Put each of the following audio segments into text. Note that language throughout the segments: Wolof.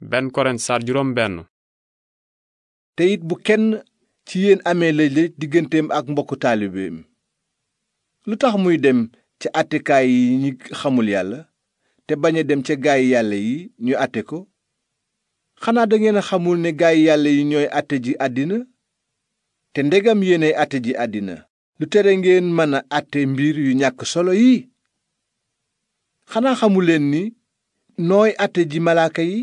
benn Korent saar it bu kenn ci yéen amee lëj-lëj digganteem ak mbokku taalibeem lu tax muy dem ci àttekaay yi ñi xamul yàlla te bañ a dem ca gaay yàlla yi ñu àtte ko xanaa dangeen a xamul ne gaay yàlla yi ñooy àtte ji àddina te ndegam yéenay àtte ji àddina lu tere ngeen mën a àtte mbir yu ñàkk solo yi xanaa leen ni nooy àtte ji malaaka yi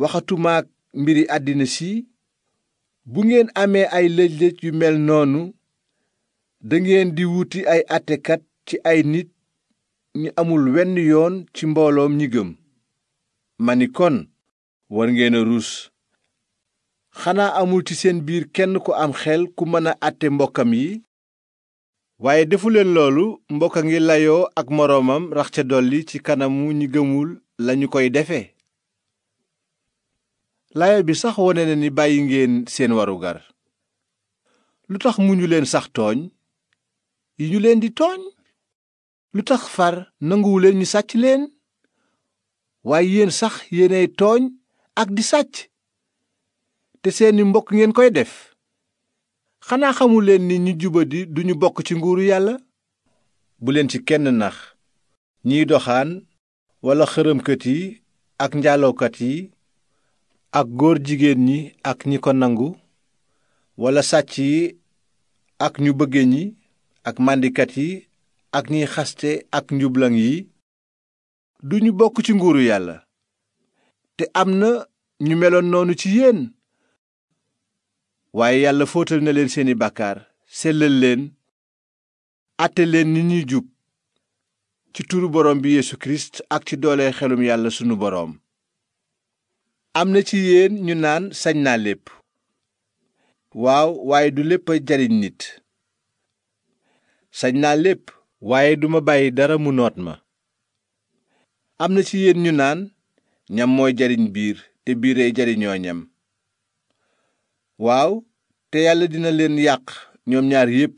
waxatumaak mbiri àddina si bu ngeen amee ay lëj-lëj yu mel noonu dangeen di wuti ay àttekat ci ay nit ñi amul wenn yoon ci mbooloom ñi gëm ma ni kon war ngeen a ruus xanaa amul ci seen biir kenn ku am xel ku mën a àtte mbokkam yi waaye defuleen loolu mbokk a ngi layoo ak moroomam rax ca dolli ci kanamu ñi gëmul lañu koy defe layal bi sax wone na ni bàyyi ngeen seen warugar lu tax muñu leen sax tooñ yi ñu leen di tooñ lu tax far leen ñu sàcc leen waaye yéen sax yéenay tooñ ak di sàcc te seeni mbokk ngeen koy def xanaa xamu leen ni ñu jubadi duñu bokk ci nguuru yàlla bu leen ci kenn nax ñiy doxaan walla xërëmkat yi ak njaalookat yi ak góor jigéen ñi ak ñi ko nangu walla sàcc yi ak ñu bëgge ñi ak màndikat yi ak ñiy xaste ak njublaŋ yi duñu bokk ci nguuru yàlla te am na ñu meloon noonu ci yéen waaye yàlla fóotal na leen seeni bàkkaar sellal leen àtte leen ni ñuy jub ci turu borom bi Yesu Kirist ak ci doole xelum yàlla sunu boroom am na ci yéen ñu naan sañ naa lépp waaw waaye du lépp a jariñ nit sañ naa lépp waaye duma bàyyi dara mu noot ma am na ci yéen ñu naan ñam mooy jariñ biir te biiree jariñoo ñam waaw te yàlla dina leen yàq ñoom ñaar yépp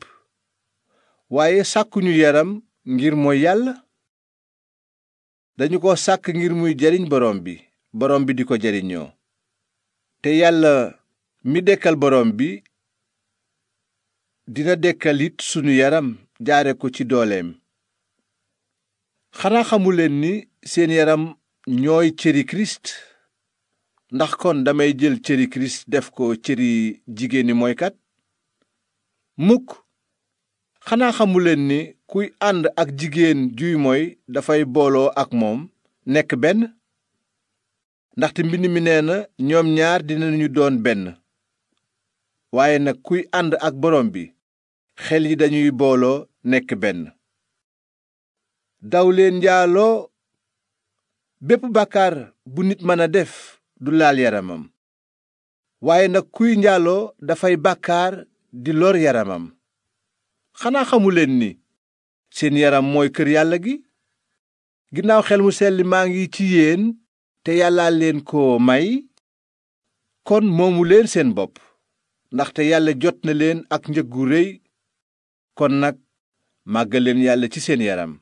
waaye sàkkuñu yaram ngir mooy yàlla dañu ko sàkk ngir muy jariñ borom bi borom bi di ko jariñoo te yàlla mi dekkal borom bi dina dekkal it sunu yaram jaare ko ci dooleem xanaa xamuleen ni seen yaram ñooy cëri kirist ndax kon damay jël cëri kirist def ko cëri jigéeni moykat mukk xanaa xamuleen ni kuy ànd ak jigéen juy moy dafay booloo ak moom nekk benn ndaxte mbind mi nee na ñoom ñaar dinañu doon benn waaye nag kuy ànd ak borom bi xel yi dañuy booloo nekk benn daw leen njaaloo bépp bàkkaar bu nit mën a def du laal yaramam waaye nag kuy njaaloo dafay bàkkaar di lor yaramam xanaa xamuleen ni seen yaram mooy kër yàlla gi ginnaaw xel mu selli maa ngi ci yéen te yàlla leen ko may kon moomu leen seen bopp ndaxte yàlla jot na leen ak njëg gu réy kon nag leen yàlla ci seen yaram